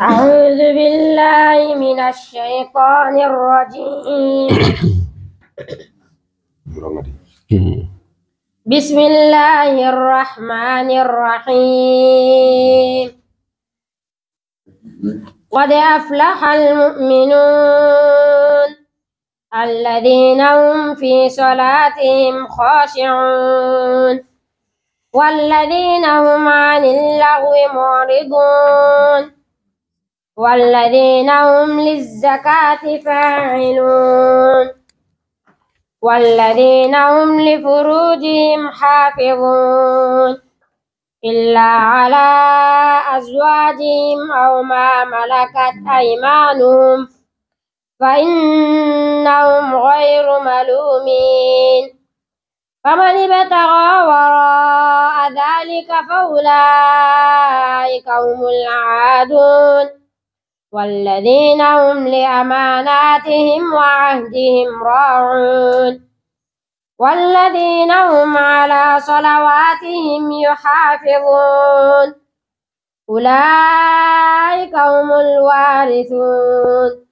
أعوذ بالله من الشيطان الرجيم بسم الله الرحمن الرحيم قد أفلح المؤمنون الذين هم في صلاتهم خاشعون والذين هم عن اللغو معرضون والذين هم للزكاة فاعلون والذين هم لفروجهم حافظون إلا على أزواجهم أو ما ملكت أيمانهم فإنهم غير ملومين فمن ابتغى وراء ذلك فأولئك هم العادون والذين هم لأماناتهم وعهدهم راعون والذين هم على صلواتهم يحافظون أولئك هم الوارثون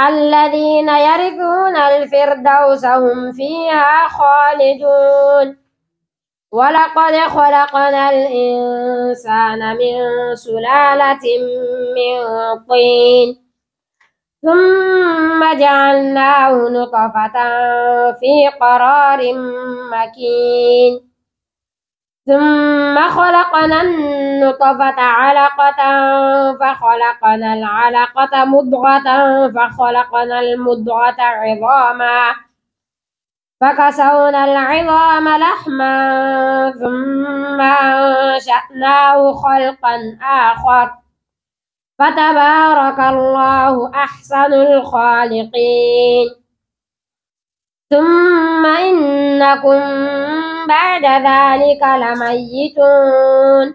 الذين يرثون الفردوس هم فيها خالدون ولقد خلقنا الإنسان من سلالة من طين ثم جعلناه نطفة في قرار مكين ثم خلقنا النطفة علقة فخلقنا العلقة مضغة فخلقنا المضغة عظاما فكسونا العظام لحما ثم أنشأناه خلقا آخر فتبارك الله أحسن الخالقين ثم إنكم بعد ذلك لميتون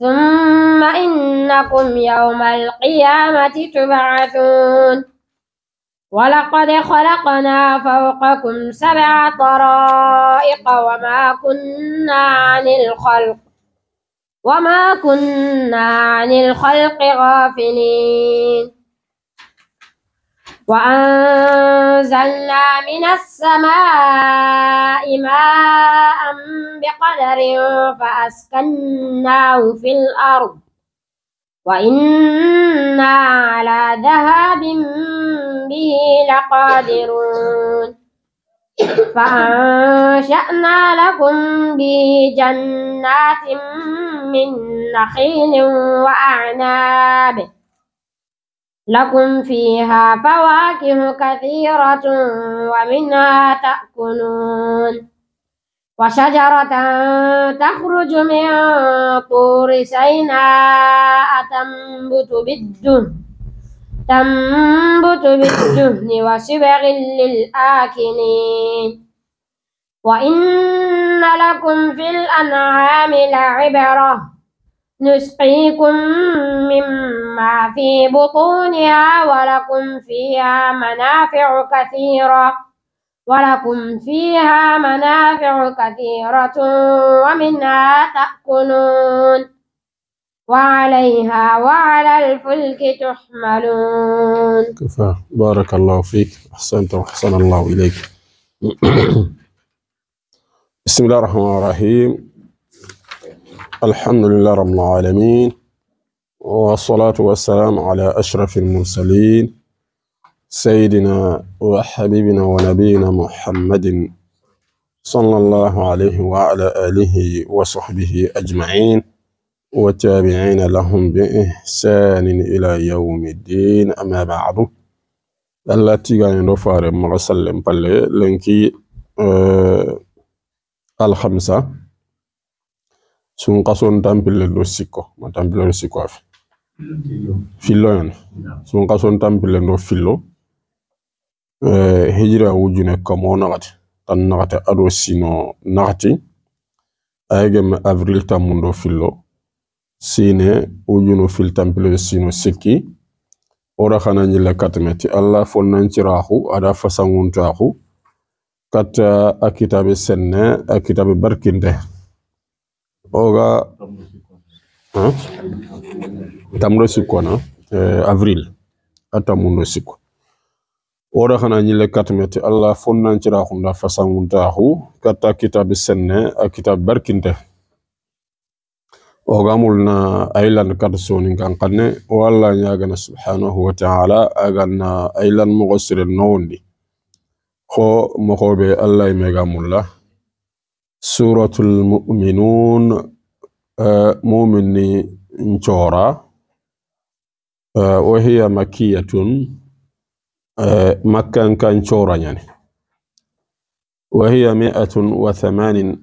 ثم إنكم يوم القيامة تبعثون ولقد خلقنا فوقكم سبع طرائق وما كنا عن الخلق وما كنا عن الخلق غافلين وأنزلنا من السماء ماء بقدر فأسكناه في الأرض وإنا على ذهاب به لقادرون فأنشأنا لكم به جنات من نخيل وأعناب لكم فيها فواكه كثيرة ومنها تأكلون وشجرة تخرج من طور سيناء تنبت بالدهن تنبت بالدهن وسبغ للآكلين وإن لكم في الأنعام لعبرة نسقيكم مما في بطونها ولكم فيها منافع كثيرة ولكم فيها منافع كثيرة ومنها تأكلون وعليها وعلى الفلك تحملون كفى بارك الله فيك أحسنت وأحسن الله إليك بسم الله الرحمن الرحيم الحمد لله رب العالمين والصلاة والسلام على أشرف المرسلين سيدنا وحبيبنا ونبينا محمد صلى الله عليه وعلى آله وصحبه أجمعين وتابعين لهم بإحسان إلى يوم الدين أما بعد التي كان نفار مغسل لنكي أه الخمسة سنقصون تنبل tampile ما تنبل ma في اللون سنقصون تنبل fillo hijira eh, wujune kamo naxati tan naxate ado sino naxati ayegeme eh, avril tammundo fillo sine wujunu fil tampilo sino sikki ora xana ñilla katme ti alla fonnanciraxu ada fasanguntaxu kat a kitabe senne a kitabe barkinte oga tamro sikkona eh, avril a sikko wora xana ñille katmeti allah fonnanciraxunda fasanguntaaxu katta kitabi senne a kitab barkinte ogamul na aylan kat sonin kan xanne walla ñagana subhanahu wa taala aganna aylan moxo siren nowondi xo moxoɓe allah mega mulla suratul muminun mumin ni ncora wa hiya makiyatun آه، مكة كان شورا يعني وهي مئة وثمان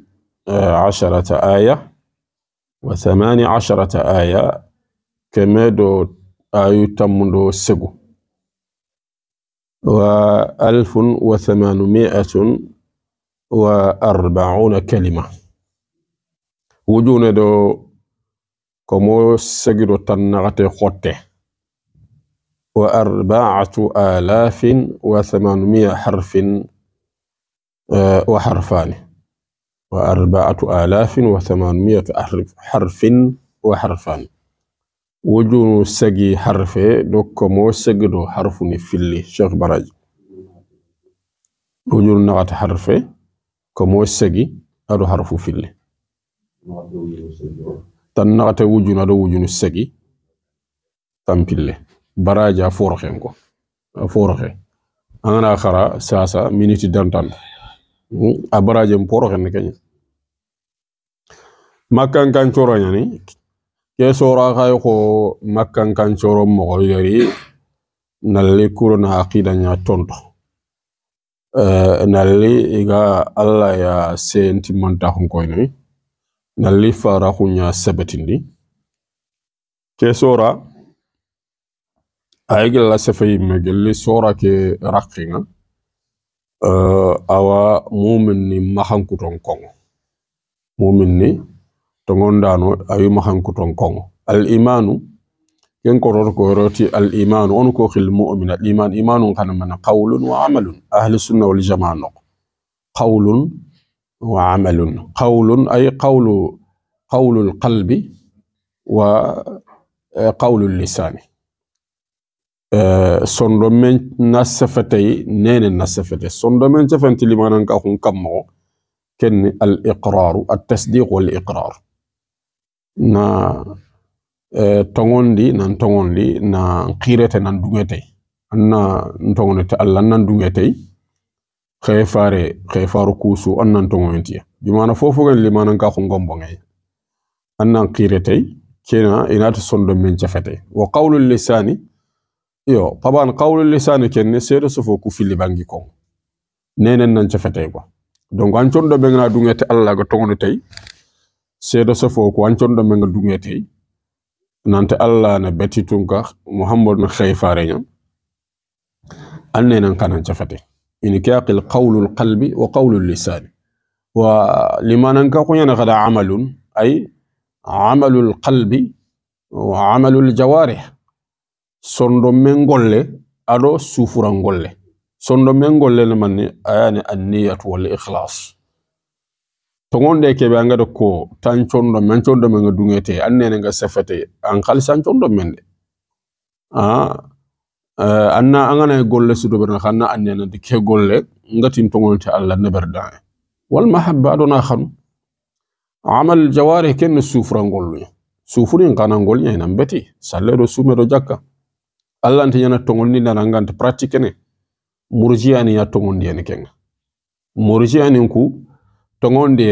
آه، عشرة آية وثمان عشرة آية كما دو آيو تمدو سجو وألف وثمانمائة وأربعون كلمة وجون دو كمو سجدو تنغتي خوتي wa arbaatu alaafin wa samaanumia xarfin eh, wa xarfaani wa arbaatu alaafin wa samaanumia xarfin wa xarfaani wujunu segi xarfe dokkomo segdo xarfuni filli Cheikh Baraji wujunu naxat xarfe komo segi ado xarfu filli tan naxate wujunu ado wujunu segi tampille baraja forxenko forxe angana khara sasa miniti dantan hm? a barajem ne keña makkan kan choro nyani ke sora khay ko makkan kan mo ko yeri nalli kuruna aqida nya tonto nalli iga alla ya senti manta xonkoynoy nalli fara nya sabatindi ke sora ايغل لا سفاي مغلي سورا كي راقينا ا آه، اوا مومن مني ماخان كوتون كون مو مني تونغون دانو ايو ماخان كوتون كون الايمان كين كورور كوروتي الايمان اون كو خيل الايمان ايمان كان من قول وعمل اهل السنه والجماعه قول وعمل قول اي قول قول القلب وقول آه، اللسان Eh, sondo men sondomen nasafetai nene men sondomen cefen tilimanan ka hun kammo ken al iqrar at tasdiq wal iqrar na eh, tongondi nan tongondi na qirete nan dungete anna tongonete alla nan dungete khayfare khayfaru kusu annan tongonti bimana fofo ken limanan ka hun gombonge annan qirete kena inata ta cefete wa qawlul lisani يو طبعا قول اللسان كن سير سفوكو في اللي بانجي كون نين نان تفتاي كو دونك انتون دو بينا دونيت الله غا تونو تاي سير سفوكو انتون دو مينا دونيت تاي نانت الله نا بيتي تونكا محمد خيفا رينم ان نين نان كانن تفتاي ان كيقل قول القلب وقول اللسان ولما نانكا كون ينا غدا عمل اي عمل القلب وعمل الجوارح Sondo men golle ado sufuran golle golle le manni ayani anniyatu wal ikhlas to ke be ngado ko tan condo men chondo men ga duŋete annene nga sefete an halis an condo men de a e, anna angana e golle khanna annene de ke golle ngatin togolte allah ne wal mahabba do na hanu amal ken kenne golle sufurin golle nan beti salleɗo sumero jakka allah nta ñana tongondi ndana nganta pratique ne murjiani ya tongondi yani kenga murjiani ku tongondi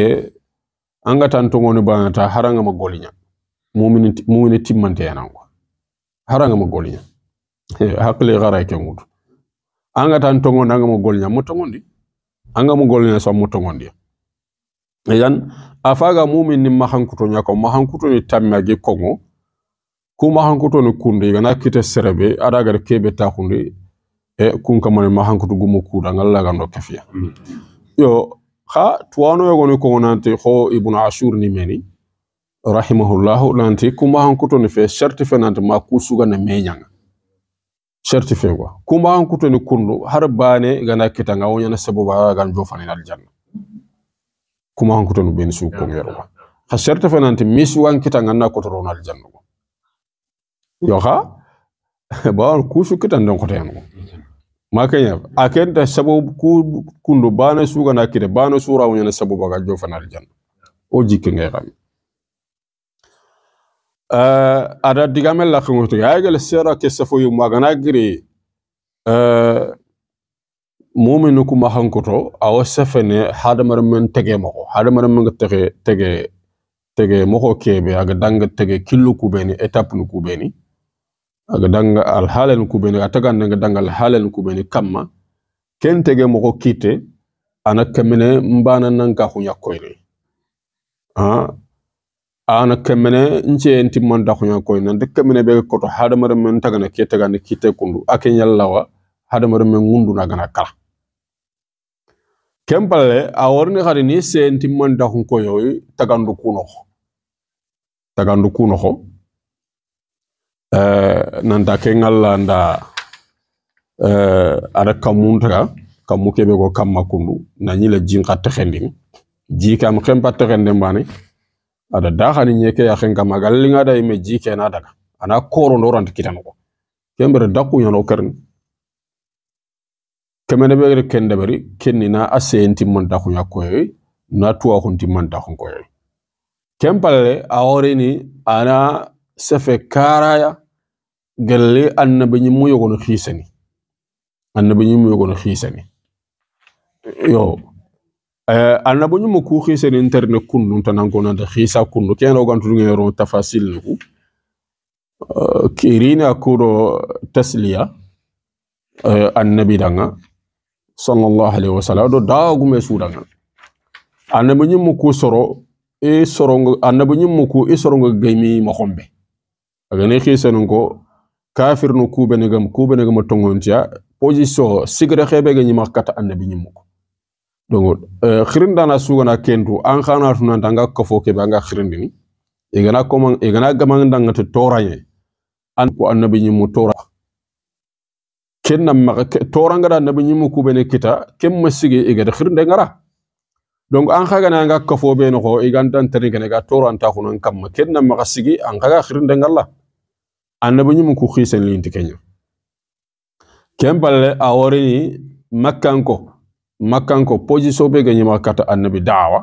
anga tan tongoni banata haranga ma golinya mu'mini timmante yana haranga ma golinya hakle gara ke ngudu anga tan tongondi anga ma golinya mo tongondi anga mo golinya so mo tongondi yan afaga mu'mini mahankuto nyako mahankuto ni tamma ge kongo kumahankutono kunde gana kite serebe ada gara kebe takundi e kunkamane mahankutu gumo kuda ngalla gando kefiya hmm. yo ha tuwano yogoni kogonanti ho ibnu ashur ni meni rahimahullahu nanti kumahankutoni fe sharti fe nanti ma kusugana meñanga sharti fe gwa kumahankutoni kundu har bane gana kitanga wonyana sabuba gan jofanin aljanna kumahankutoni beni sukongero gwa ha sharti fe nanti misuwan kitanga na kotorona aljanna yoha xa bawan ku sukkitan kote yango makanya akenda sabu sababu ku kundo bana suga na kire bana sura wonya sabu baga jofa na aljanna o jikke ngay eh, ada digamel la xamu to ay gal sera ke safo yu magana gire euh mu'minu kuma hankoto aw safene hadamar men tege moko, hadamar men tege tege tege mako kebe aga dang tege kilu kubeni étape nu kubeni aga danga alhalen kubeni ataganda nga danga alhalen kubeni kama ken tege moko kite ana kemene mbana nanga hunya koyne a ana kemene nche nti manda hunya koyne de kemene be koto hadamare men tagana ke tagana kite kundu aken yallawa hadamare men ngundu na gana kala kempale a warni hari ni se nti manda hun koyoy tagandu kuno tagandu kuno Eh, nanta ke ngalla nda eh, ada kamuntaga kammu keɓe ko kamma kundu nañila jinka texendin jikam xempa texenden bani ada daxani ke ya xen kama gallinga da yime na daga ana korondo ranti kitanoxo kembere dakkuñano kerni kemene ɓegere bari kenni na a seyentin man daxuña koyoy na tuwaxuntin man daxun koyoy kempalale a xorini ana sefe karaya galle annabañimmu yogono xiisani annabañimmu yogono xiisani yo eh, mu ku internet kun xiisani interne kundu tanankonanta xiisa kundu kene ogantuduŋero tafasil ni ku eh, kirina kuro tasliya eh, annabi danga sallallahu alaihi wasallam do daagume sudaŋa mu ku soro i sorongo mu ku i sorongo gaymi moxonbe agane xiisanin ko kafir no ne gam ne gam tongontia position sigre xebe ga nyima kata annabi nyimuko donc khirin euh, dana sugana kendo an khana tunan danga kafo ke nga khirin ni e gana gam nga danga to toranye an ko annabi mu tora ken na ma toranga da annabi kuba ne kita kem e igada khirin de ngara donc an khaga na nga kafo be no ko igan tan tan ga toran ta kunan kam na ma sigi an khaga khirin de ngalla annabi ñimu ku xiisen linti keña ken balle a worini makkanko makkanko position be gañima kata annabi dawa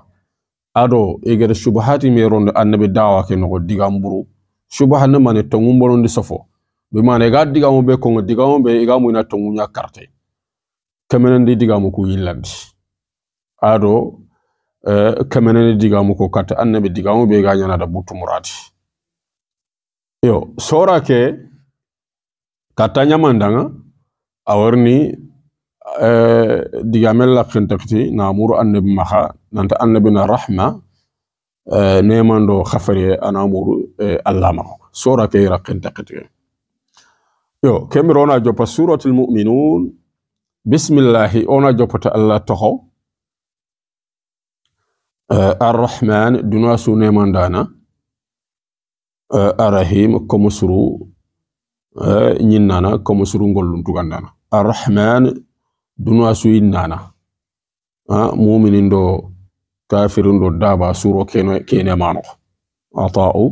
ado egere subahati me rondo annabi dawa ke nogo digamburu subaha ne mane tongu mborondi sofo be mane ga digamu be kongo digamu be igamu na tongu nya karte kemenendi digamu ku yillandi ado uh, eh, kemenendi digamu ko kata annabi digamu be ga nyana da butu muradi. yo sora ke katanya mandanga awarni eh, digamel la kentakti na amuru annabi maha nanta annabi rahma eh, nemando khafari ana amuru eh, allama sora ke ra kentakti yo kemirona jopa suratul mu'minun bismillahi ona jopata allah toho uh, arrahman dunwa su nemandana arrahim komo suru ñinnana komo suru ngollum tugandana arrahman duna suyi nana muminin do kafirin do daba suro kene mano ata'u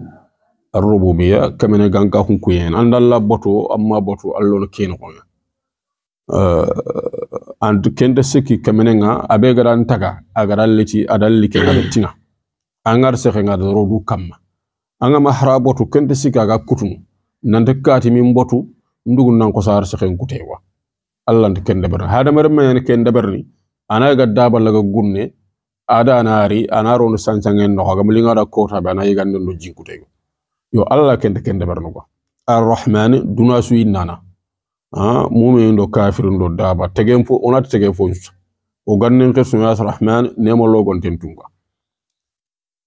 arrububiya kamene ganka hunkuyen andalla boto amma boto allono kene koya and kende siki kamene nga abe garan taga agaran leti adalli ke galettina angar sexe nga rodu kamma anga hara botu kente ga kutun nanta kati min botu ndugun nan ko sar sehen kutewa allah nta ken deberni ne kende ber ni ana ga daba ga gunne ada anari ana san sansangen no ga mulinga da ta bana ndu jin jinkutego yo allah kende ber no ko rahman duna suyi nana ha mumin do kafir, do daba tegen fo onat tegen fo o gannen ke sunya ne nemo logon tentunga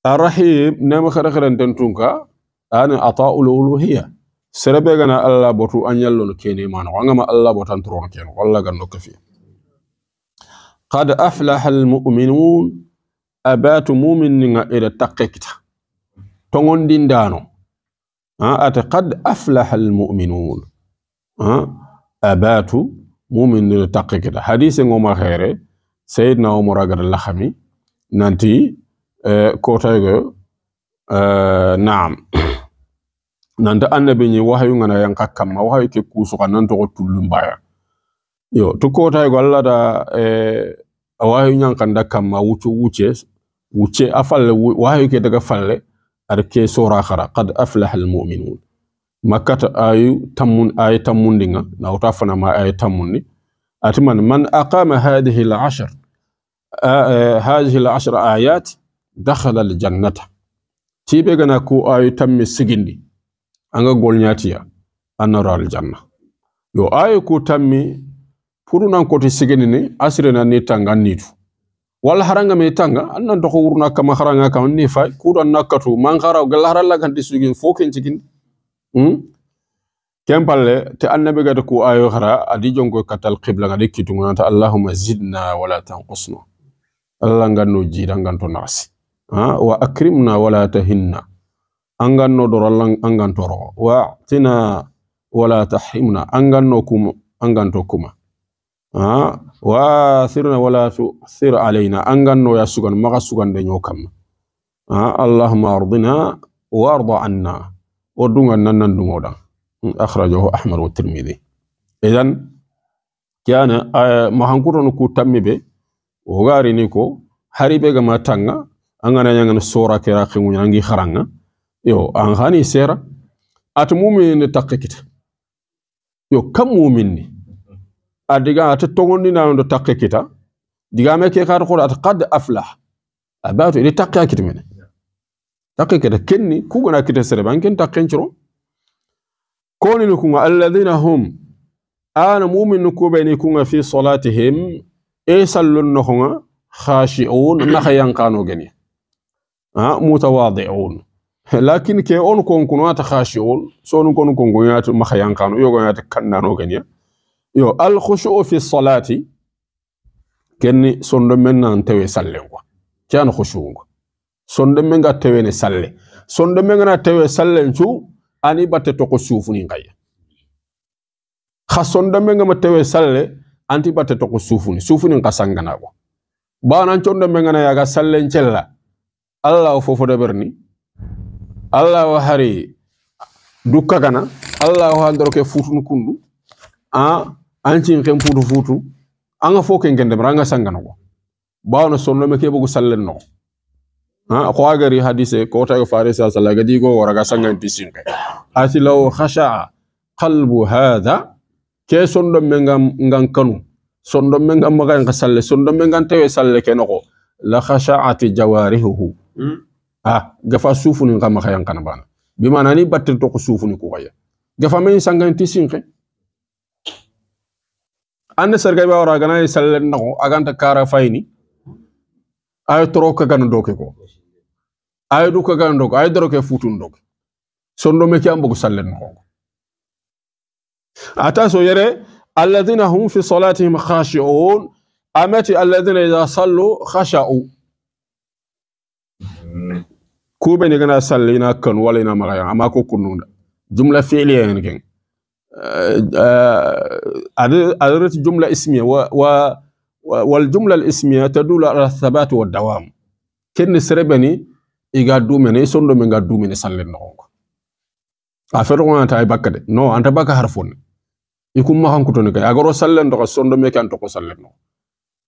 arrahim nema kada kadanten tunka ani ata'ul uluhiyya serebe gana allah botu an yallol kene mano angama allah botan turon kene walla gando kafi qad aflaha almu'minun abatu mu'mininga ida takkekita tongondindano ata qad aflaha almu'minun abatu mu'minina takkekita hadise ngoma here sayyidna umar agada lahami nanti Eh, kotayo eh, naam nanta annabi ni wahayu ngana yang kakkamma wahayu ke kan nan to tullum baya yo to kotayo Allah da eh, wahayu nyang kanda kamma wucu wuce wuce afalle wahayu ke daga falle arke sora khara qad aflaha almu'minun makkata ayu tammun ay tammundinga na uta ma ay tammunni atiman man aqama hadhihi al'ashr hadhihi al'ashr ayat dakhala aljannata ci tiɓe gana ko ayo tamme sigindi anga golñatiya annara aljanna yo ayo ko tammi purunan koti sigindi ni asirena ni tanga nitu walla haranga me tanga annan doko wurna kama haranga kama ni fay kuɗan nakkatu man hara galla hara laganti sugin fo hmm? ken cigindi hmm? kempalle te annabi gata ko ayo hara adi jonko katal qibla ngade kitungunata allahuma zidna wala tanqusna allah ngan jira jiira ngan to nagasi wa akrimna wala tahinna anganno dorallan angantoro wa tina wala tahrimna anganno kuma anganto kuma wa sirna wala sir alaina anganno ya sugan maga sugande nyo kam allahumma ardina warda anna odunga nanan dumoda hmm, akhrajahu ahmad wa tirmidhi idan kyana eh, mahankuron ku tammibe o gari ni ko hari ga matanga angana ñangana sora ke ra xengu ñangi xaranga yo an xani sera at mumin ne takke kita yo kam mumin ni adiga at tongondi na ndo takke kita diga me ke xar qur'an qad aflah abatu ile takke kita men takke kita kenni ku gona kita sere ban ken takken ciro koni ni kunga alladhina hum ana mumin ku beni kunga fi salatihim e sallun no khashi'un nakhayanqano gani mutawadi'un lakin ke on kon kunata khashi'un sonun kon kon goyatu makhayankanu yo goyatu kannano ganya yo al khushu'u fi salati kenni sondo menna antewe salle ngwa kyan khushu'u ngwa sondo menga tewe ne salle sondo menga na tewe salle nchu ani batte to khushu'u ni ngaya kha sondo menga ma tewe salle anti batte to khushu'u ni sufuni kasangana ngwa banan chondo menga na yaga salle nchella allah fofu fofo berni allah wa hari du kana allah wa handoro ke futu kundu a ancin ken putu futu anga fokin ken ranga sangana ko bawno sonno me kebo sallen no ha ko agari hadise ko ta ga faris sallallahu alaihi wasallam go waraga sangan tisin kai asilaw khasha qalbu hadha ke sondo ngam ngan kanu sondo ngam magan salle sondo mengan tewe salle kenoko la khasha'ati jawarihuhu Hmm? ah gafa ni ka khayan kana bana bi mana ni batte to sufu ni ko khaya gafa men sangan ti sinke an sarga ba wara gana na ko aganta kara fayni ay troka ka gan doke ko ay du ko gan doke ay doro ke futun doke sondo me kyambo ko na ko ata so yere alladhina hum fi salatihim khashi'un amati alladhina idha sallu khasha'u kube ni gana salli na kanu wala na magaya amma ko kunun jumla fi'li ya yankin eh, eh, adi adi jumla ismiya wa wal jumla ismiya ta dula ala thabatu wa dawam kenni sirebe ni iga dume ni sondo mi ga dume ni salli na kongo a fero kuma ta yi baka de no an ta baka harfo ni ikun mahan kuto ni kai agaro salli na kongo sondo mi ka an toko salli na kongo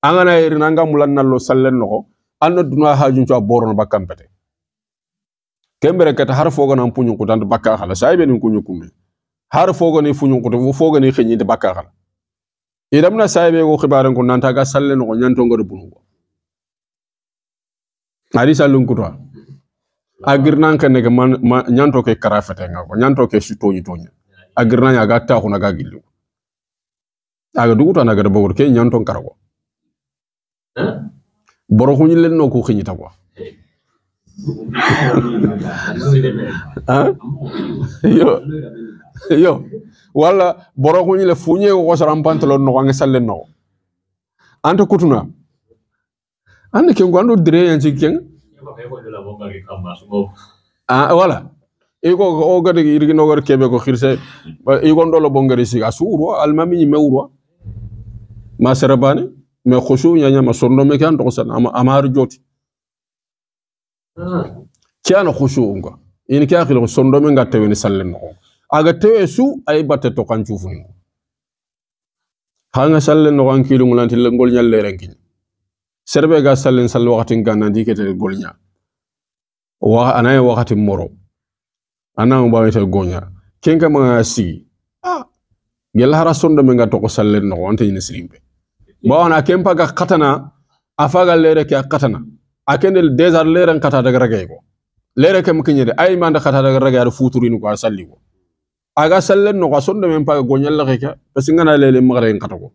an gana yiri na an ga mulan na lo salli na kongo anno duna hajun cho boron bakkan pete kembere kata har fogo nan punyun kutan da bakka xala sai be nin kunyu kumme har fogo ni funyun kutan wo fogo ni khinyi da bakka xala idamna na sai be go khibaran kun nan ga salle ko nyanto ngor bunu ko ari sallun kutwa agirnan kan ne man nyanto ke karafete ko nyanto ke sutoyi tonya agirnan ya ga ta kuna ga gilu aga duguta na ga da bawur ke nyanto karako ñu leen noo xigni xiñita yo yo wala ñu le fuñe ko saram pantalon no nga leen no ante kutuna anda ken gwando dire yan ci ken ah wala iko o gade irgi no gar kebe ko khirse iko ndolo bongari siga suuro almami ni mewro ma sarabane me khushu nya nya masondo me kan dosan ama amar joti hmm. kian khushu nga in kya khilo sondo me ngatte wen sallen no aga tewe su ay batte to kan chufu hanga sallen no kan kilu ngulanti le ngol le rengi serbe ga sallen sal wakati ngana dikete gol nya wa anay wakati moro ana mbawe te gonya kenka ma si ah gel hara sondo me ngato ko sallen no wonte ni sirimbe a ken paga katana a afaga lere ke katana a kende desar leren kata daga ragay ko lere ke mkinyede ay manda kata daga ragay ar futuri ni ko asalli ko aga sallen no gasondo men paga gonyal la ke parce ngana lele magare kata ko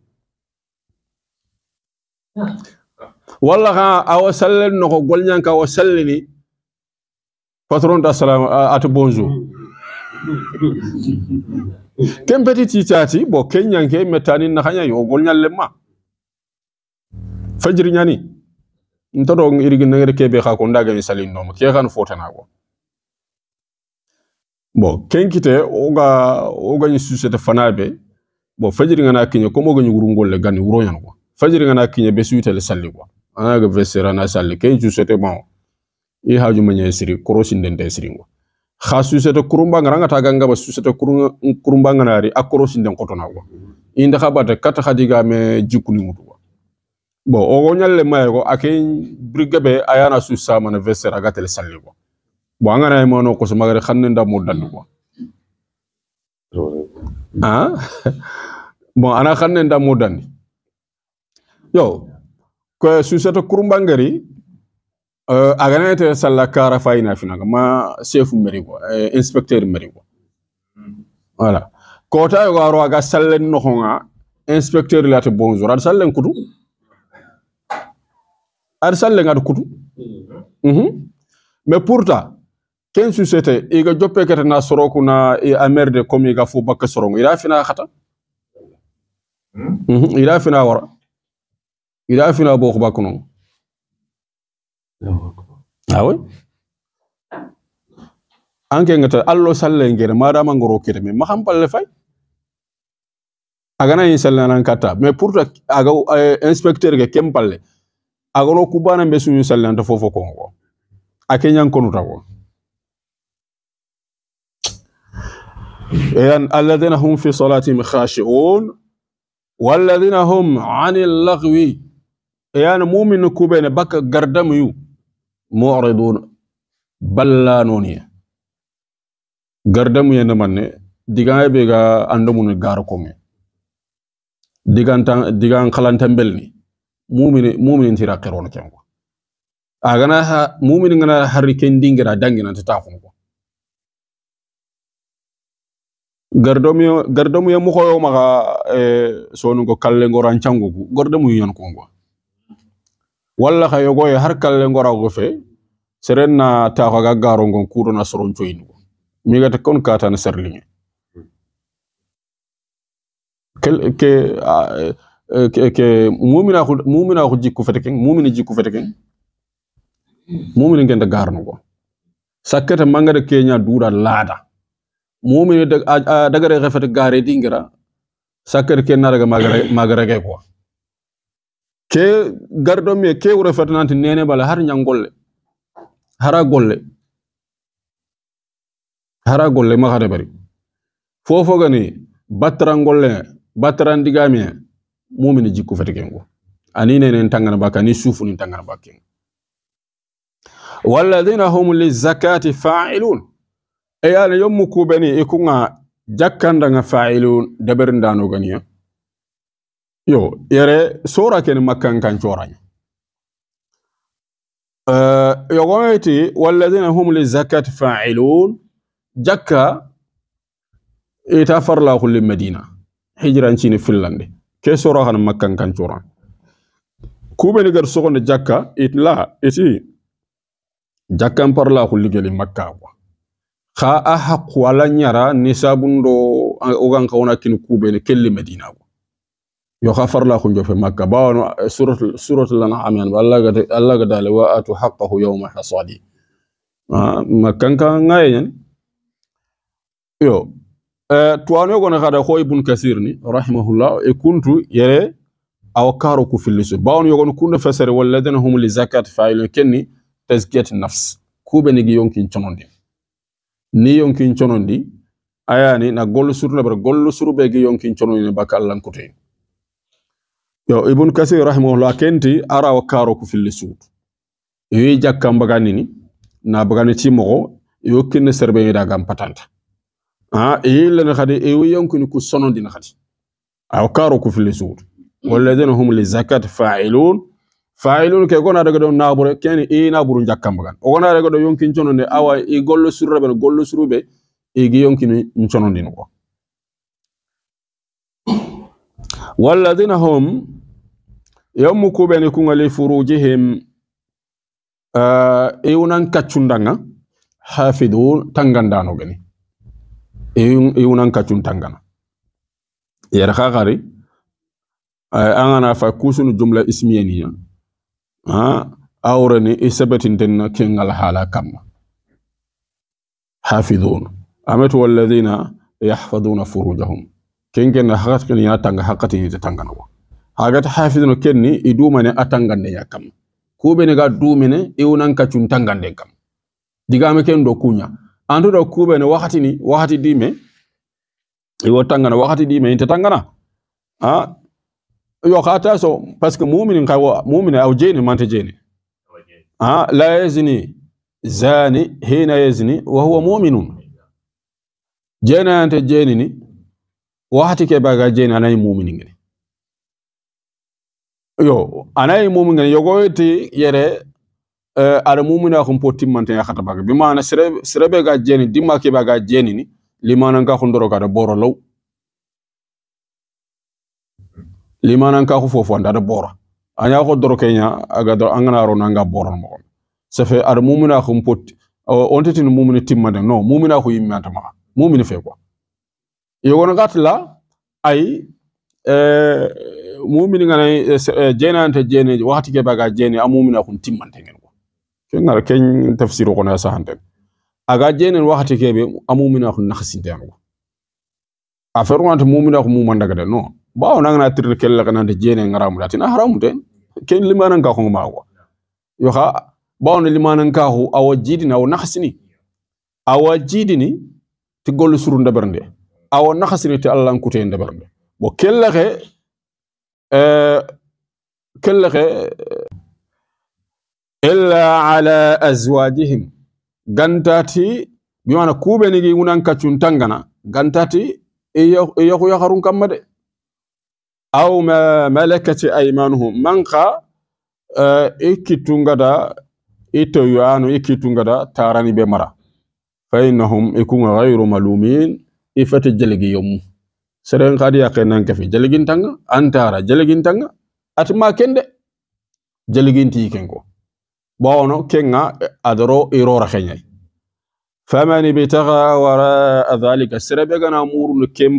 walla ha awa sallen no ko golnyan ka wa sallini patron da salam at bonjour ken petit tati bo kenyan ke metani na hanya yo golnyal lemma fajri ñani nto do irigi ngi kebe xa ko ndaga salin nom ke xan Bo, ko bon kenkite oga oga ni susete be, bo fajri ngana kinye komo ga ngol le gani wuro ñan ko fajri ngana kinye be suite le salli ko ana ga vesera na salli ken susete bon i haju manye siri korosin den den siri ngo xa susete kurumba ngara ngata ganga ba susete kurumba ngana ri akorosin den kotona ko inda khabata kata khadiga me jikuni mutu bon ogo ñalle maye ko brigabe ayana su samana vesser aga tele salli ko bon anga nay mono ko suma gare xanne nda mo dal ko ah bon ana xanne nda mo dal yo ko su sata kurumbangari euh aga nay salla kara fayna fina ma chef mairie ko euh, inspecteur mairie ko voilà kota yo garo aga sallen no honga inspecteur lati bonjour ad sallen kutu ar sallen ad kutu mais mhm. pourtant ken su sete e ga jope kete na soroku na e amer de comme ga fu bak sorong ira fina khata hmm? mhm. ira fina wara ira fina bo ko bakkuno ah oui anke ngata allo salle ngere madama ngoro kete mais maham palle fay aga na yin salle nan kata mais pourtant aga eh, inspecteur ke kempalle agano kubanan be suñu sallanta fofo konko a keñan konuta ko eyan alladina hum fi salatihim khashiun walladina hum ani llagwi yan mumin kubene bakka gardamuyu muridun ballanoniye gardamuye nemanne digaye be ga andomuni gar komme digan e kalantan belni muminin tira na ken ko agana ha muminin ngana harri ken dingera dangina ta tafun ko gardomu gardomu ya mukoyo maga eh, sonu ko kalle ngoran cangu ku. gordomu yon kongo walla ka yogo har kalle ngora go fe serenna ta ko gaggaro ngon kuro na soron joyin ko mi gata kon kata na serlinge ke, ke Eh, ke mumina ko mumina ko jikku fete ken mumina jikku fete ken mumina ngenda garno go sakkata mangada kenya dura lada mumina daga re fete gare dingira sakkata ken naraga magare magare ke ko ke gardo me ke wura fete nanti nene bala har nyangolle hara golle hara golle ma hada bari fofo gani batran golle batran mumini jikku fete kengo ani nenen tangana baka ni sufuni tangana baka walladhina hum lizakati fa'ilun e yana yommu kubeni ikunga e nga fa'ilun daberindano ganiya yo yere sora ken makkan kan coranya uh, e, yogometi walladhina hum lizakati fa'ilun jakka ita e farla kulli madina hijran cini finlande ke soro han makkan kan cura ni gar ne jakka itla iti jakkan parla ligeli makka kwa xa a haqu ala nyara ni sabundo ogan xawona kin ni kelli medina wa yo kha farla xunjo jofe makka bawano eh, surat lan amen allah ga dale wa atu haqqahu yawma hasadi ah, makkan ka ngayeñen yo Eh, tuwano gona kada ko ibn kasir ni rahimahullah e kuntu yere aw karo ku filisu bawon yogon kunna fasare walladina hum li zakat fa'ilun kenni tazkiyat nafs kube ni yonkin chonondi ni yonkin chonondi ayani na gollu suru na bar gollu suru be gi yonkin chonondi ne baka allan kutai yo ibn kasir rahimahullah kenti ara wa karo ku filisu yoyi jakkam bagani ni na bagani ci mo yo kinna serbe da gam patanta ha yillana e khadi e wiyankuni ku dina khadi aw karo ku fili suudu mm. walladina hum li zakat failun failun ke gona daga don nabure ken i e naburu gan o gona daga do yonkin ne awa i e gollo surrobe gollo surube i gi chono dina ko walladina hum yammu kubeni kunga li furujihim eh, e wonan kachundanga hafidun tangandano gani iwunan kacun tangana yar khagari angana fa kusunu jumla ismiyaniya ha awrani isabatintenna kengal hala kamma hafidhun amatu walladhina yahfadhuna furujahum kenkenna hakatken yana tanga hakatinite tangana wa hagata hafidhno kenni idumane atangande ya kamma kubene ga dumene iwunan kacun tangande kam digame ken kunya da kube no wakati ni wakati dime iwo tangana wakati dime inte tangana ha yo kata so par ce que muminin ka mumine aw jeni mante jeni ha la yazni zani hina yazni wa huwa muminun jenayante jeni ni wakati ke baga jeni anayi mumini ngeni yo anayi mumini ngeni yogoyti yere Eh, aramumin axum po timmanten a xatabaga bi mana serebe ga jeni dimma ke kebe ga jenini limananka xundorogada boro law limananka xu fofu andada bora aña xo doro keña aga angana ro nanga boron moxon ça fait ada mumina xum po ontetini mumini timmanden non mumina xu yimmanta maxa mumini fe quoi yogonagatla ay eh, mumini ngana eh, jenante jeni ke kebe ga jeni a mumina xun timmantengen ken ngara ken tafsiru kono ya sahanden aga jenen wakati kebe amumina mumina ko nakasidenugo affaire wanta mumina ko mumanda de no bawo nagana tirde kella kanante jenen na atina haramude ken limananka kongo mago yo ha bawno limanankahu awa jiidini awa nakasini awa jiidini ti golu suru ndeɓer nde awa nakasini ti allahnkutoye ndeɓer nde bo kella ke eh, kelle ke illa ala azwajihim gantati bimana kuɓenigi gunan tangana gantati iyaku yaharun kharun kamade aw ma malakati aymanuhum manka eh, i kittungada ito yanu i kittungada tarani be mara fa innahum ikun ghayru malumin i fati jaligi yomu seren kadi yake kafi kafi tanga antara tanga atma kende ti kengo بونو كينغا أدرو إيرو رخيني فمن بيتغا وراء ذلك سربغنا مور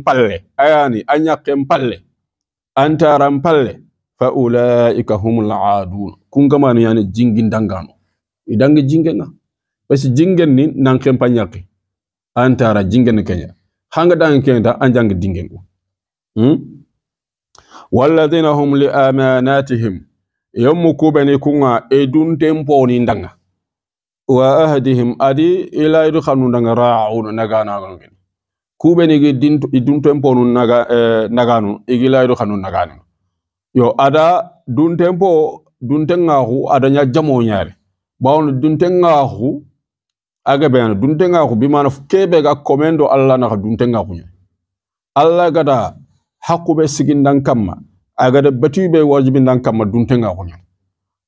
بالي أياني أنيا كيم كمبل أنت بالي فأولئك هم العادون كونغما ني يعني جنجين دانغانو إدانغ جينغنا بس جينغن ني نان كيم بانياكي أنت را جنجن كنيا هانغ دانغ كنيا أنجانغ دينجنغو والذين هم لأماناتهم yommu kuɓeni kunga e dunten poni ndanga wa ahdihim adi ila e ilaydu xanu ndanga raun nagananongin kuɓeni i dunten ponu naganu e, igi laydu xanu naganin yo ada dunten po dunten ngaxu adaña jamo ñaari bawno dunten ngaxu aga bena dunten ngaxu bimana kebe ga komendo allah naxa dunten ngaxu ñaari allah gada xaqube sigindan kamma wajibin dan wajibi dunte nga duntenga kuñani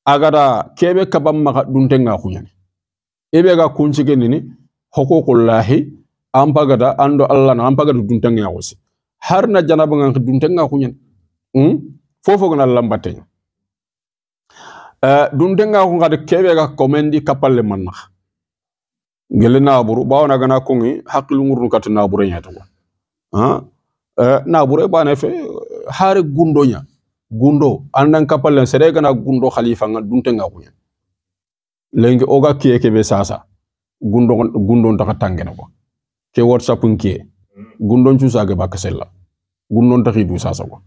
agada keɓe kaban maga duntenga kuñani iɓe ga kuncigenini hukukullahi an pagada an ando allah na an dunte nga kusi har na janaba ngan duntenga Hmm, fofo fofogona lambateña uh, nga ku eh, gada kebe ga komendi kapal man naga gele naburu bawana gana kongi hakkilungurnu kati ha uh, eh, buru nabure na fe har gundo nya gundo andan kapalan sere kana gundo khalifa ngal dunte nga kunya lengi oga kiye kebe sasa gundo gundo ta tangen ko ke whatsapp nke gundon cu saga ba kasella gundo ta hidu sasa ko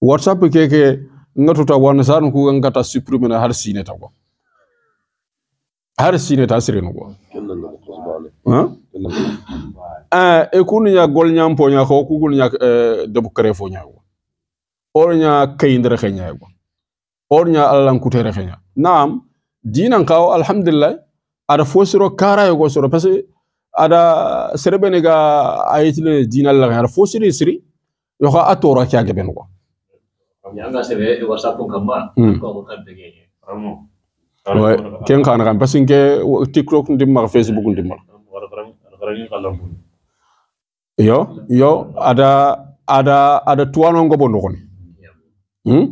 whatsapp ke ke ngatu ta wana san ku ta supprimer har sine ta ko har sine ta sirenu ko e gol nya golñan poña xo ku gunuña eh, debu kere foña go orña kayindere xeña go orña allankutere xeña nam dinan xaw alhamdulillah ada fo siro kara yogo soro parce ada serebene ga ayitile dina la ada fo siri siri itu a tora kya geben go ken kamu. kan parce que nke tiktok ndimmaxa facebook ndimmaxa karamin kallangu yo yo ada ada ada tuwana ngobondo kon hmm?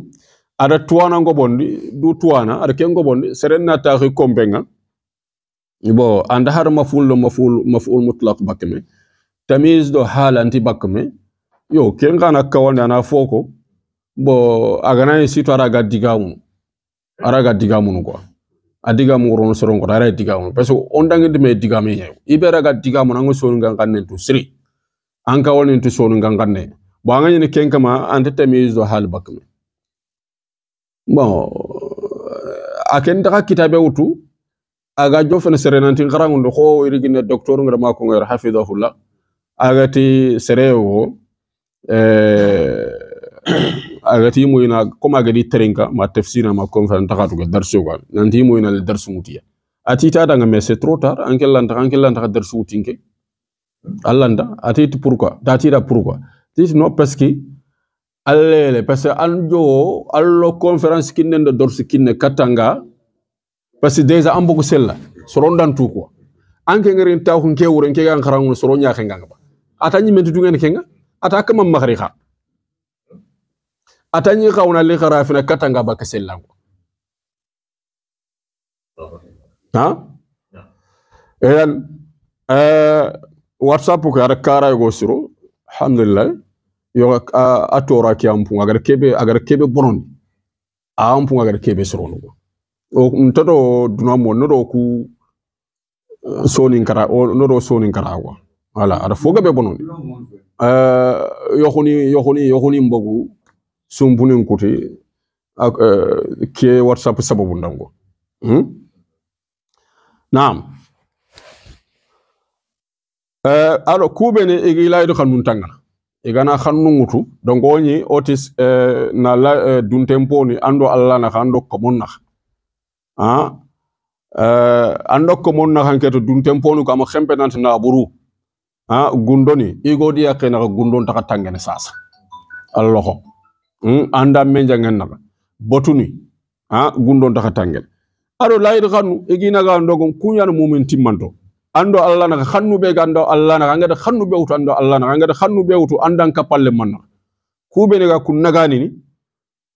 ada tuwana ngobondi du tuwana ada ke ngobondi ta taxi kombenga bo anda har maful lo maful maful mutlaq bakme tamiz do halanti bakme yo ken kana kawanda na foko bo agana situ araga digamu araga digamu quoi adiga muguron soron ko dara diga on parce que on dangi de me diga me yew ibera ga diga mon ango sonu ngan kan to sri an ka woni to sonu ngan kan bo an ni ken kama an ta tamiz do hal bakme bon aken daga kitabe wutu aga jofene serenanti garangu ndo ko irigina docteur ngara mako ngara hafidhahullah agati serewo eh agati ina koma agadi terenka ma tafsira ma conférence takatuga darsoga nanti ina le darsu ya. ati ta danga mais c'est trop tard ankelanta ankelanta darsu alanda allanda atiti pourquoi datira pourquoi dit no parce que allele parce que anjo allo conférence kinne ndo dorsu kinne katanga parce que déjà ambogo sella sorondan tu quoi anke ngerin taw ko ngewure ngegan kharangu soronya khenganga ata nyimentu dungen kenga ata kama makhriha atanyi khawna li kharafina katanga bakasellango ha eran uh, eh, whatsapp ko ara kara go siro alhamdulillah yo uh, atora ki ampu agar kebe agar kebe bonon a ampu agar kebe siro no o ntodo duna mo nodo ku uh, eh, sonin kara o nodo sonin kara wa wala ara foga be bonon uh, eh, yo khoni yo khoni yo khoni mbogu ak uh, eh, ke whatsapp sababu ndango hmm? naam uh, alo kubene igilaydo kanun tangana igana xannu ngutu, donc wo otis otis eh, ti na la duntemponi ando alla naxa ah? ando komon naxa a ando komon naxa nketo duntemponu kama xempe na buru a ah, gundoni igodi yakena gundon taxa tangene sasa Allah. Hm? anda menja ngen naga botuni ha gundo taka tangel aro layir xanu egina ga ndogon kuñan mumin timmanto ando allah naga xannu be ga ando allah naga ngada xannu be wutu ando allah naga ngada xannu be wutu andan kapalle man kube ne ga kun nagani ni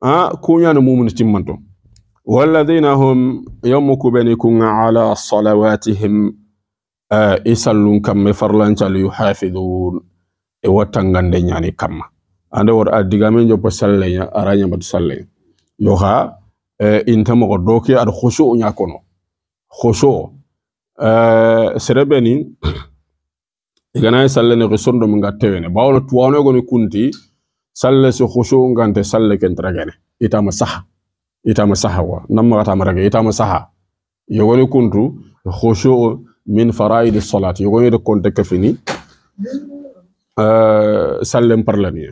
ha kuñan mumin timmanto والذين هم يوم كبنكم على صلواتهم آه إسلون كم فرلان تليحافظون وتنغن دنياني كما ande wor ad digame adigamen salle sallenya aranya salle yo ha e, inta mo do ke ar khushu nya kono khushu e, serebeni igana salle ne sallene risondo mga wene bawlo tuwano goni kunti salle so khushu ngante salle ken tragene itama saha itama saha wa namma gata marage itama saha yo yogoni kuntu khushu min faraid as-salat yogoni de konte kafini euh sallem parlaniya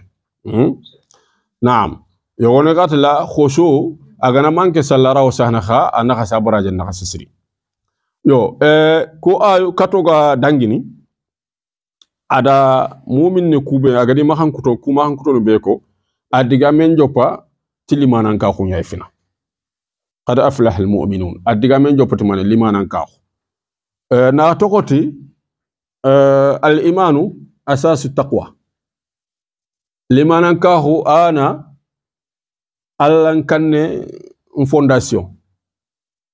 نعم يقول لك لا خشوع أغنى مانك سلارا وسهنا خا أنا خسا براجن نخسسري يو اه كو آيو كاتوغا دانجيني أدا مؤمن نكوبة أغنى مخان كتو كو مخان كتو نبيكو أدقى من جوبا تلي ما ننكاخو يفنا قد أفلح المؤمنون أدقى من جوبا تماني لما ننكاخو اه نا توقتي اه الإيمان أساس التقوى limanan kahu ana allan kanne fondation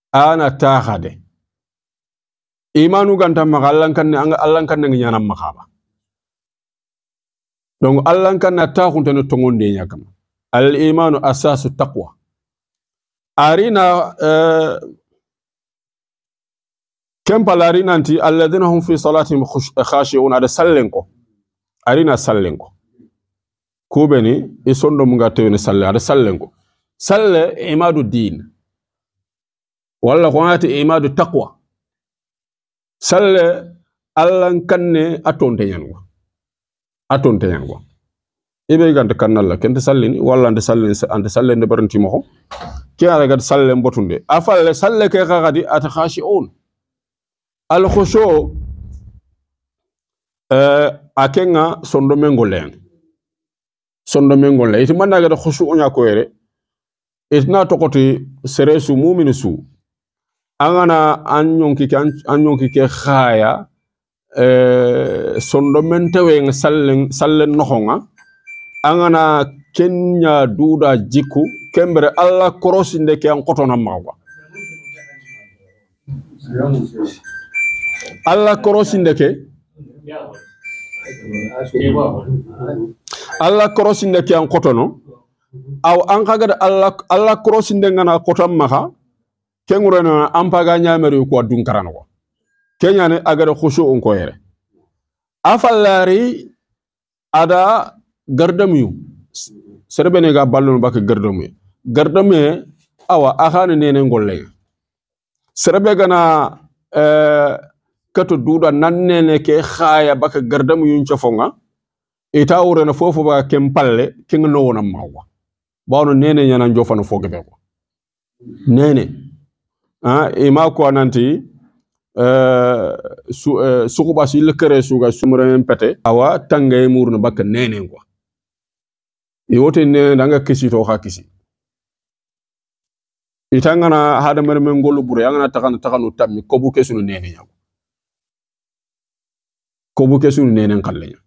ana taxade imanu ganta maxa allan kanne allan kanne ngi ñanan maxaba donc allan kanne a taxuntene tongonde ñakama al imanu asasu taqwa arina uh, eh, kempal arinanti alladina hum fi salatihim khashiun ada sallenko arina sallenko kubeni i sondo munga tewni salle salle sallenko salle imadu din wala ko ati imadu takwa salle allan kanne a tonteñango a tonteñango ibe ganta kannalla kente sallini walla nde sallen ante salle nde barantimoxo ke ala gati salle mbotunde a salle ke kakadi xadi ata on alxosho uh, eh, a kenga sondo mengo leene Sondo sondomen golla iti mannagata husu oña koyere itina tokoti sere su mumini su an gana an yonki ke haya eh, sondomen salen sallen nohonga an gana kenya duda jiku kembere allah de ke an kotonan maga allah de ke alla korosinde ke an kotono aw an kagada alla alla korosinde ngana kotan maha kengurena an paga ñameri ko dun kenya keñani agada khushu on ko yere afallari ada gardamuyu serbene ga ballon baka gardamuyu gardamuye awa ahani nene ngollenga serbe gana eh, kato duda nanene ke khaya baka gardamuyu nchofonga ita na fofu ba ken palle kinga no wona mawa bawno nene ñanan jofana fogebe ko nene a ima ko nanti eh, eh, sukuba si le kere suga sumren pete awa tangay e murno bakka nene ko e wote nene danga kisi to ha kisi itangana hada mere men golu bure na takana takanu tammi kobu kesunu nene ñago kobu ni nene kalle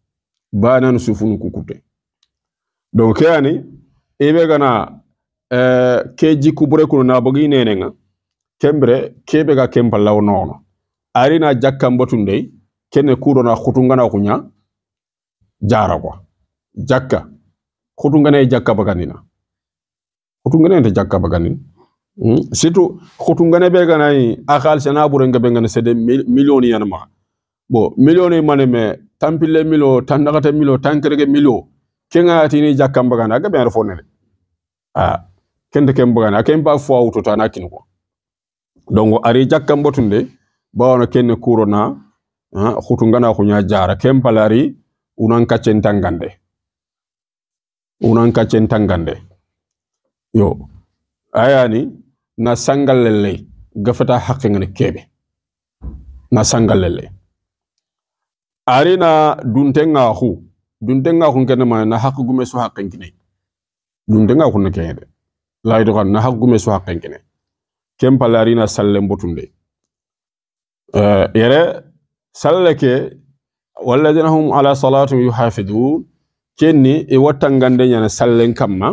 bana sufunu kukute donc yani ibe gana eh, ke jikku kuno na bogi nenenga kembre kebe ga kemballa nono ari na jakka mbotunde kene kuro na khutungana kunya jara kwa jakka khutungana e jakka baganina khutungana e jakka baganina mm? surtout khutungana be gana ni akhal sana burenga ngabe ngana sede million yana ma bo million mane me tampille milo tan nakata milo tan kerege milo kenga tini jakka bagana aga ben fo nele a kende kem bagana kem ba fo auto tan akin ko donc ari jakka botunde bawono kenne kurona ha khutu ngana ko nya jara kem palari unan kacen tangande unan kacen tangande yo ayani na sangalelle gafata haqqe ngene kebe na sangalelle arena duntenga khu duntenga khu ngene ma na hak gume so hak ngene duntenga khu ne kene la yi dogan na hak gume so hak ngene kem pa arena salle mbotunde euh yere salle ke walladhum ala salatu yuhafidun kenni e watangande nyana sallen kamma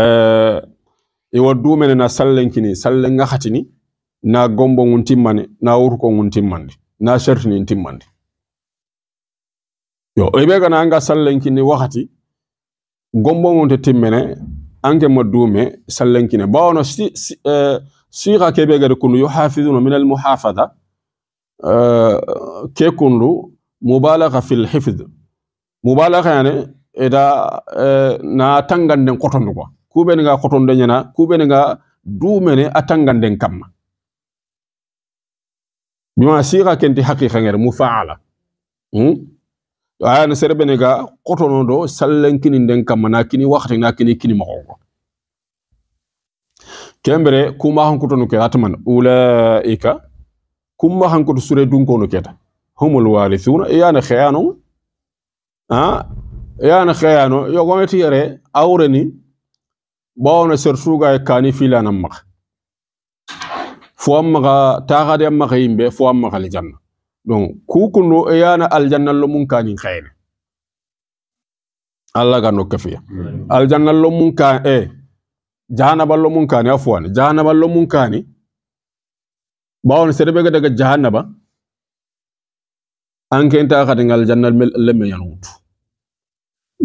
euh e waddu menena sallen kini sallen ngakhatini na gombo ngun timmane na wurko ngun timmande na shartu nin timmandi yo e ɓe gana anga ni wakati gombo mum te timmene anke ma duume ne bawono si, si, uh, eh, siha keɓe gada kundu yuhafiduna min almuhafada uh, eh, ke kundu mubalaga fi lhifd mubalaga yane eda uh, na tanganden kotondu quoi kuɓene ga kotonde ñana kuɓene ga duumene a tanganden kamma بما سيغا كنتي حقيقة غير مفاعلة وانا سربني غا قطنون دو سلنكين اندن كمناكيني وقتنا كيني كيني مغوغا كمبري كما هنكو تنوكي راتمن أولا إيكا كما هنكو تسوري دونكو نوكي هم الوارثون إيانا خيانو ها إيانا خيانو يوغمتي يري أورني باونا سرسوغا يكاني فيلانا مغ fo maga taxade a maxa yimɓe fo a maxa aljanna donc ku kundo e yana aljanna lomum kanin xeene allah ga nokke fiya mm. aljanna lomum ka e jahanaba lomum kani a fuwane jahanaba lomum kani bawon serebe ga daga jahanaba an kenta xatin aljanna lemme yan wutu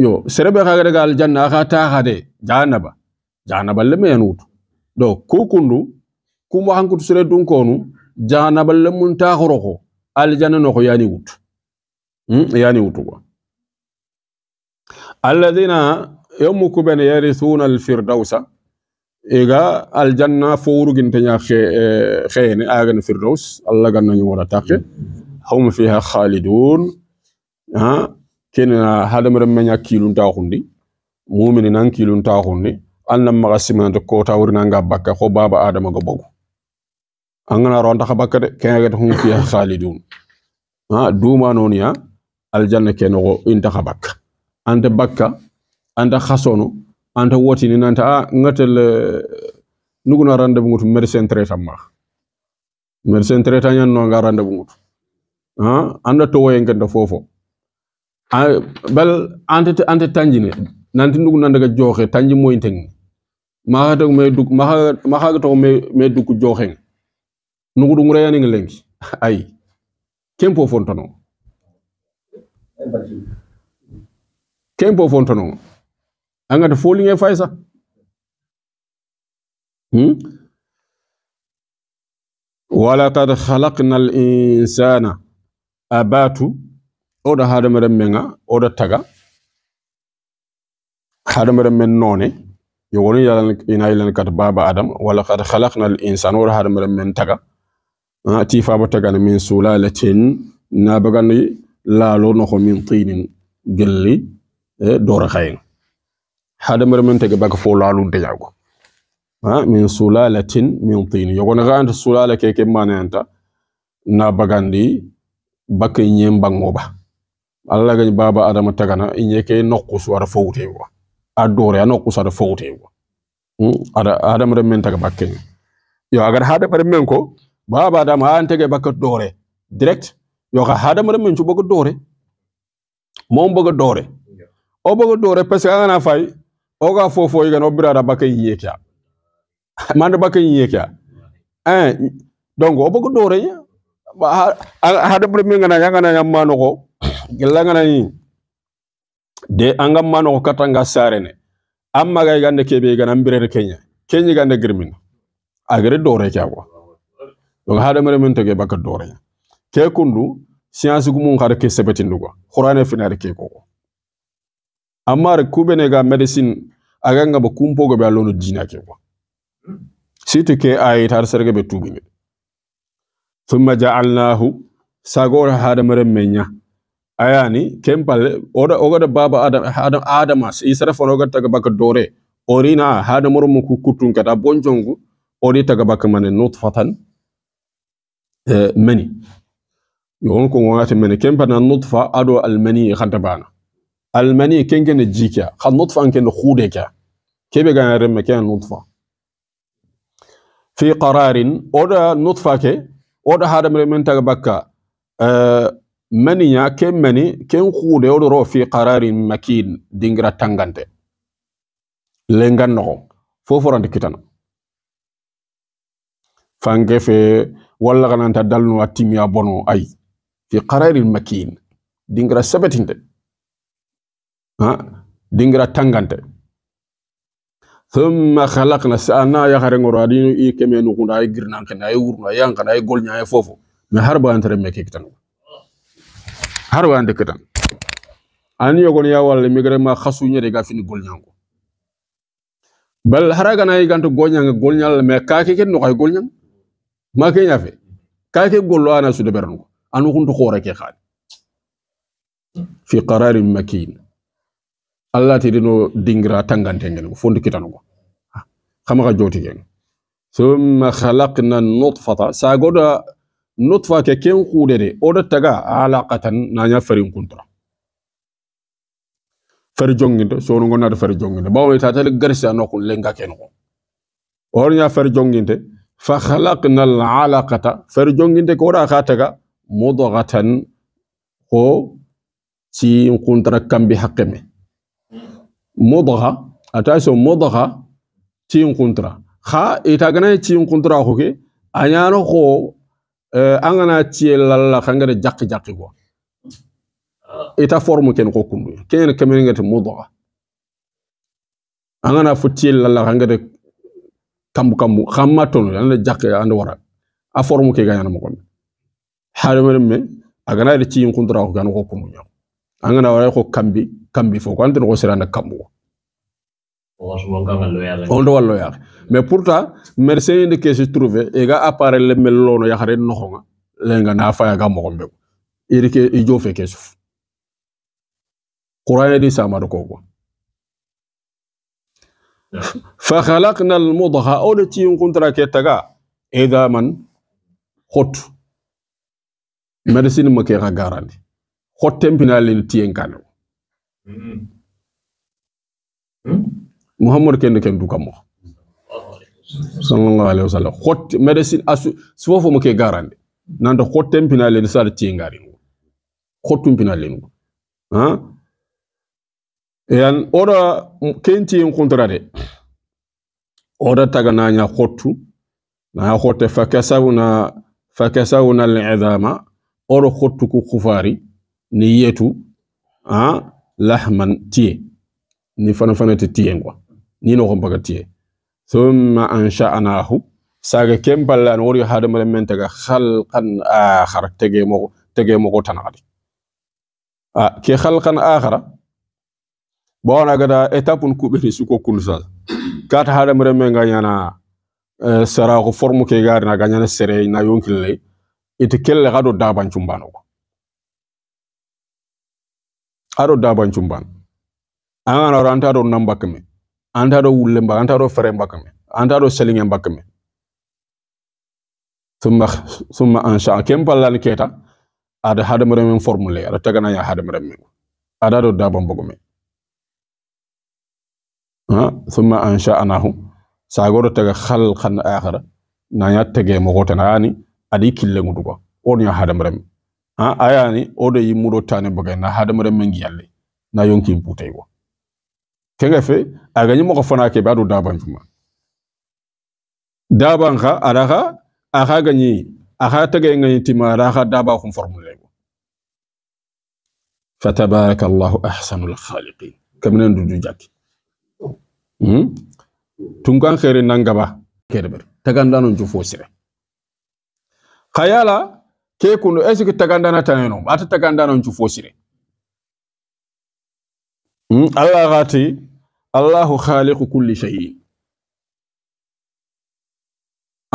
yo serebe xaga daga aljanna axa taxade jahanaba jahanaba lemme yan wutu donc ku kundu kuma hankut sere dun konu janaballe mun ta horoko aljanna no yani wutu mm yani wutu ko alladhina yamuku ben yarithuna alfirdausa iga aljanna fowrugin tanya khayne agan firdaus allah ganna ñu wara takke hum fiha khalidun ha kena hadamre menya kilun taxundi mu'minin an kilun taxundi annam magasima to ko tawrina nga bakka ko baba adama go bogu angana ron taxa xabakka de ke ngata hum fiya khalidun ha duma non ya al janna ken go in taxa bakka ande bakka anta khasono woti ni nanta a ngatel nuguna rande bu ngutu medicine traitant ma medicine traitant yan no nga rande bu ngutu ha ande to way ngenda fofo bal anta anta tanjine nanti nugu nanda ga joxe tanji moy teng ma ha to me duk ma ha ma ha to me me duk joxe nugudu ngura yani ngelengi ai kempo fontono kempo fontono anga to foling e faisa hmm wala qad khalaqna al insana abatu oda hadamare menga oda taga hadamare men noni yo woni yalan ina yalan kat baba adam wala qad khalaqna al insana oda hadamare men taga fa faba tagana min sulalatin na bagani lalo ko min tinin gelli e dora hayen hada mar min tege baka fo lalu de yago ha min sulalatin min tin yogo na ganta sulala ke ke manenta na bagandi bak nyen bango ba alla gani baba adama tagana inye ke nokku su ara fowte wa adore ya nokku su ara fowte wa hmm, ada adama min taga bakke yo agar hada par min ko baba adam ha antege bakka dore direct yo ka hadam re min chubo dore mo mbo dore o bo dore pese ka na fay o ka fofo yi gan obira da bakka yi yekya man da bakka yi yekya eh donc o bo dore ba hadam re min gana yanga na yamma no ko gella gana yi de angam man ko katanga sarene amma gay gande kebe gan ambire re kenya kenya gande girmin agere dore kya donc hadamare men toge baka dore ke kundu science gumun har ke sebetindu go qur'ane finare ke ko amma re kubene ga medicine aga ba kumpo go be alonu dina ke ko situ ke ay har serge be tubi me thumma ja'alnahu sagor hadamare menya ayani kempal oda ogoda baba adam adam adamas isara fonoga taga baka dore orina hadamoro mu ku kutun kata bonjongu ori taga baka mane nutfatan mani yogon ko ngati mani kem pa na nutfa ado almani khanta bana almani kengen jika kha nutfa anken khude ka kebe ga remme ken nutfa fi qararin oda nutfa ke oda hada mere men taga bakka mani ya ken mani ken khude odo ro fi qararin makin dingra tangante lengan no foforande kitana fangefe walla gananta dalno a timiya bono ay fi qararin makin dingra sabatinde ha dingra tangante thumma khalaqna sa'ana ya khare ngoro adinu i kemenu kunda ay girnan kana ay wurna yan kana ay golnya ay fofo me harba antere meke kitan harba ande kitan ani yogon ya walle mi gare ma khasu nyere ga fini golnyango bal haraga na ay gantu golnyanga golnyal me kaake ken no ay golnyanga ma ke ñafe ka ke gollo ana su deber no anu kuntu khore ke khani fi qararin makin allah ti dino dingra tangante ngel fondi kitanu ko xama ka joti ngel khalaqna nutfata sa goda nutfa ke ken ثم خلقنا النطفة ساقودا نطفة كين قودري أودا تغا علاقة نانيا فرين كنترا فرجونغين سونو غنا فرجونغين باو تاتل غرسي انو كون لينغا كينو اورنيا فرجونغين fa halakna alalakata fer jonginte ko wora ha taga mudgatan ko ci kuntara kambi hakkeme mudga attention mudga ci kuntara ha itagana ci kuntara hoke anyano ko an gana ci lalla kangare jakki jakki ko ita forme ken ko kundu ken kemen ngati mudga an gana futti lalla kangare kambu kambu xamma tonu yalla jakke ya ande wara a formu ke ganyana mo kon harama me agana le ci kun dara ko gan ko ko mu ñam angana wara ko kambi kambi fo ko ande ko na kambu on do wallo yaa ya mais pourtant merci de que se trouver e ga appareil le mel lono ya xare no xonga le nga na fa ga mo ko irike i jofe ke suf qur'an di sama do ko fa khalaqna al mudgha o le ci nguntra ke taga eda man khot medicine make ra garandi khot tempina le ti en kan mm muhammad ken ken du yan oda kentiyen kuntara de oda taga naña xottu naya fakasawna fakasawna alidama odo xottu ku xufari ni yetu a lahman tiye ni fana fanate tiyen quoi ni noxon tiye thumma ansha'nahu saga ken ballan wori hadamaren men taga halkan axara tege moxo tege moxo tanaxadi a ke halkan axara bona gada etapun kuɓeni suko kun sasa kata hadam reme nga eh, sara ko formu ke gari naga ñana sere na yonkille iti kelle gado do dabancumbano ko a do dabancumban a ngana wara anta do nam bakkame anta do wulle mba anta do fere mbakkame anta do selinge mbakkame summa summa ansha kem pallani keta ada hadam remen formule ada taganaña hadam remen ada do daban bogome thumma ansha'nahu sagoro taga khalqan akhara nanya tege mogotanani adi kille ngudugo onya hadamrem a ayani odo yimuro tane baga na hadamrem mengi yalle na yonki mputay wo kenge fe aganyi moko fana ke badu daban juma daban kha araha aha ganyi aha tege nganyi tima araha daba kum formule wo fatabaarakallahu ahsanul khaliqin kamnen dudu jaki Hmm? tunkan xere nangaba gaba. tagandanon ju fo sire xa yala ke kundo est ce tagandana taneno ata tagandanon ju fo sire hmm? allah xati allahu xaliqu kulli cheyin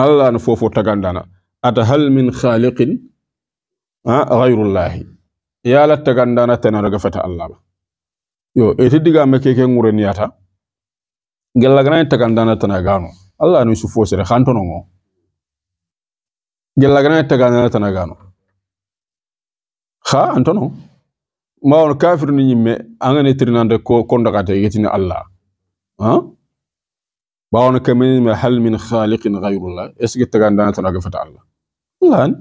allah no fofo tagandana ata hal min khaliqin gayrullahi yala tagandana na ga fata allah yo eti digame keke ŋureniyata gellagana en takandana tana gano allah no su fosere khantono ngo gellagana en takandana tana gano kha antono ma on kafir ni nyimme angane trinande ko kondakate yetini allah ha ba on kamin ma hal min khaliqin ghayrullah eske takandana tana fata allah lan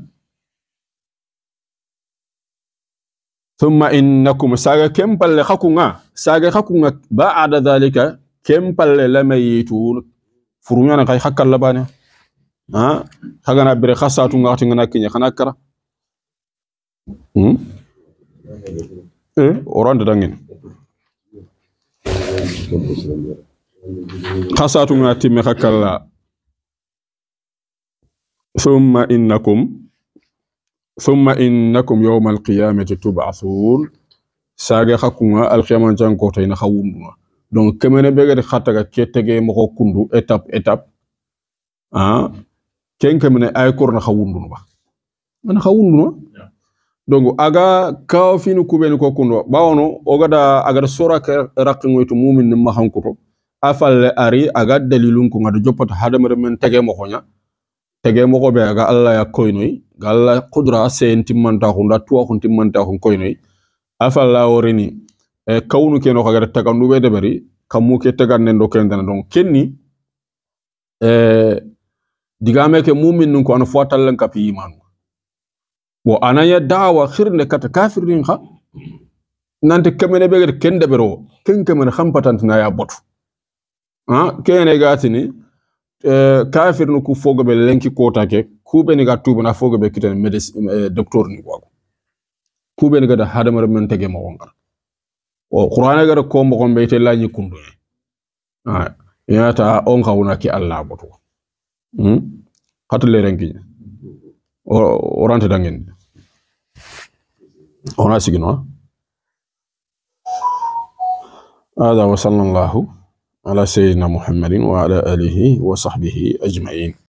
ثم إنكم ساقا كم بل خكونا ساقا خكونا بعد ذلك kem lele mei tu tun furu nyana kay hakkal la bani ha haga na bere khassatu ngati ngana kinya khana kara hmm eh oran da ngin khassatu ngati summa inna la thumma innakum thumma innakum yawmal ba asul, sagi hakuma al qiyamati jankotay na donc kemene be gadi ka ke tege moko kundu étape étape ah ken kemene ay korna khawundu ba man khawundu no donc aga finu kubeni ko kundu bawono ogada da sora ka rakingoytu mumin nim mahankuto afalle ari aga dalilun ko ngada jopata hadamare men tege moko nya tege moko be aga alla ya koynoy galla qudra sen manta hunda tuwa hun timmanta hun koynoy la worini Eh, kawunu ke no kagara tagandu be bari kamu ke taganne do kendana don kenni eh me ke mumin nun ko an fotal lan kapi imanu bo ananya dawa khirne kata kafirin kha nante kemene be ken bero ken kemene patant na ya botu ha kene gatini eh kafir nu ku be lenki kota ke kube ni ga tubu na fogobe kitan medis eh, doctor ni wago be ni ga da hadamar men tege mo wongar o qur'ana gara ko mo gon beyte lañi kundu ha yata on kawuna ki allah boto hmm hato le rengi o orante dangen ona sigino هذا وصلى الله على سيدنا محمد وعلى آله وصحبه أجمعين